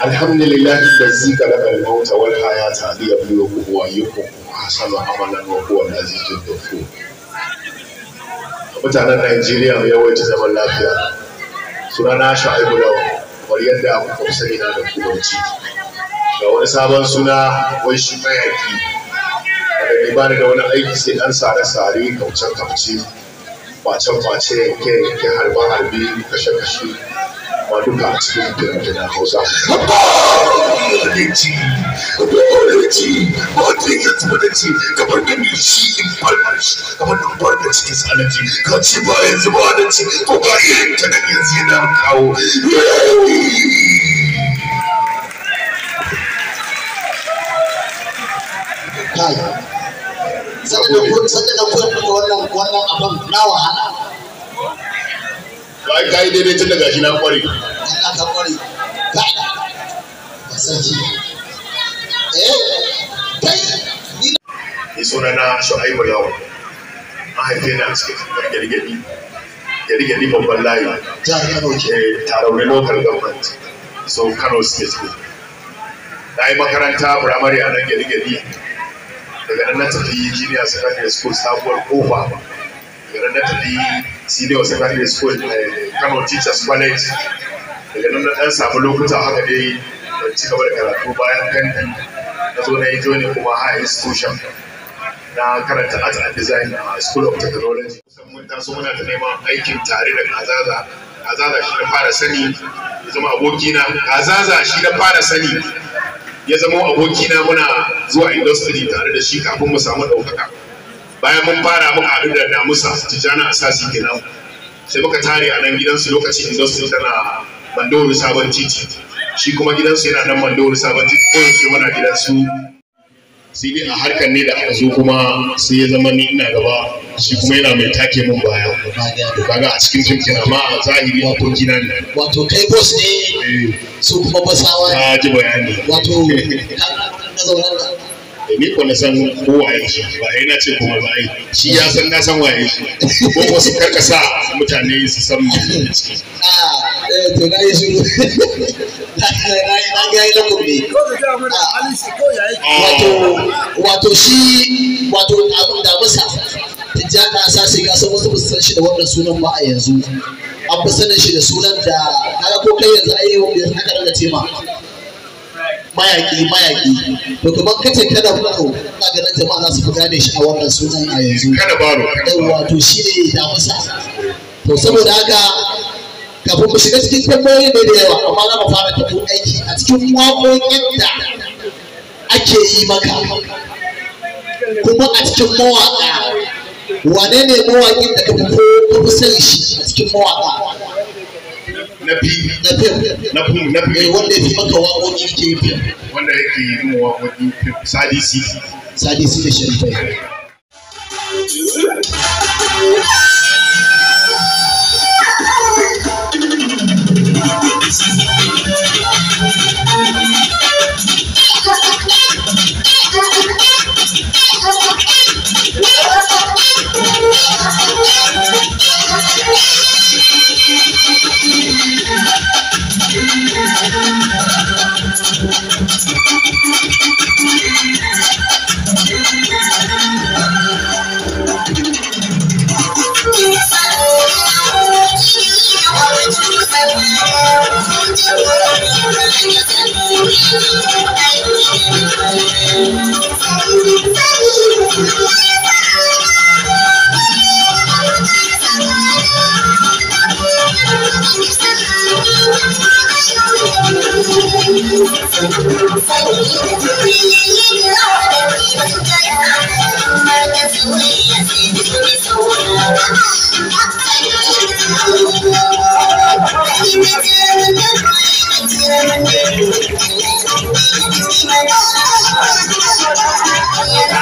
alhamdulillahi da zika haya kalmauta wal biyo li yabluwakum wa yukum hasanu amalan wa huwa zikin da ku mutanen Najeriya yawanci zaman lafiya suna na sha'ibu da kamar yadda kuka sani na da kubanci ga wani sabon suna wai shi mayaki wanda ne ba da wani aiki sai dan sare-sare kauce-kauce kwace-kwace yanke-yanke harbe-harbe kashe-kashe ba duka a cikin fitanen hausa. Mutunci, mutunci, mutunci ya tuba da ci, kamar da shi in farmar shi, kamar da bar da cikin sanaci, da ci ba yanzu ba da ci, ko ka iya yanke da saboda da da wannan na wahala ba kai daidai tun daga shi eh, na kware ka kware ka eh ni sunana Shu'aibu mahaifina a cikin gargadi gargadi babban layi Ta Kano ke eh, tarauni local government so Kano state na yi makaranta firamare a nan gari daga nan na tafi junior secondary school sabuwar kofa daga nan na tafi senior secondary school eh, kano teachers college daga nan dan samu lokuta haka dai da ci gaba da karatu bayan kanti na zo na yi joni kuma high institution na karanta art and design a school of technology kusan mun taso muna da neman aikin tare da kazaza kazaza shi na fara sani ya zama abokina kazaza shi na fara sani ya zama abokina muna zuwa industry tare da shi kafin mu samu ɗaukaka bayan mun fara muka haɗu da damusa tijjana asasi kenan sai muka tare a nan gidansu lokacin industry tana mandori sabon titi shi kuma gidansu yana nan mandori sabon titi ko muna gidansu sai dai a harkar ne da aka zo kuma sai ya zama ni ina gaba shi kuma yana mai take mun baya to kaga a cikin fim kenan ma a zahiri kun gina ne wato kai boss ne eh. su kuma basawa ka ji bayani wato na da eh, ni ko na san ko waye shi ba ai na ce kuma ba ai shi ya san na san waye shi ko ko su karkasa mutane su san mu ah eh to na yi shiru na ga ila ko ne ah. ah. wato wato shi wato abin da masa tijjani a sashi ga san wasu ba san shi da wannan sunan ba a yanzu an fi sanin shi da sunan da kaga ko kai yanzu ai wanda haka daga tema mayaki mayaki to kamar kace kada baro ka ganin jama'a za su fi gane shi a wannan sunan a yanzu kada baro yawa to shine da masa to saboda haka kafin mu shiga cikin tambayoyi ne da yawa amma za mu fara tafi aiki a cikin waƙoƙin yadda ake yi maka kuma a cikin mawaƙa wane ne mawaƙin da ka ko ka sani shi a cikin mawaƙa na fi na fi na fi na fi eh, wanda ya fi maka waƙoƙi ke fi wanda yake yi mawaƙoƙi sadisi sadisi da sharifai Thank y I'm Thank you.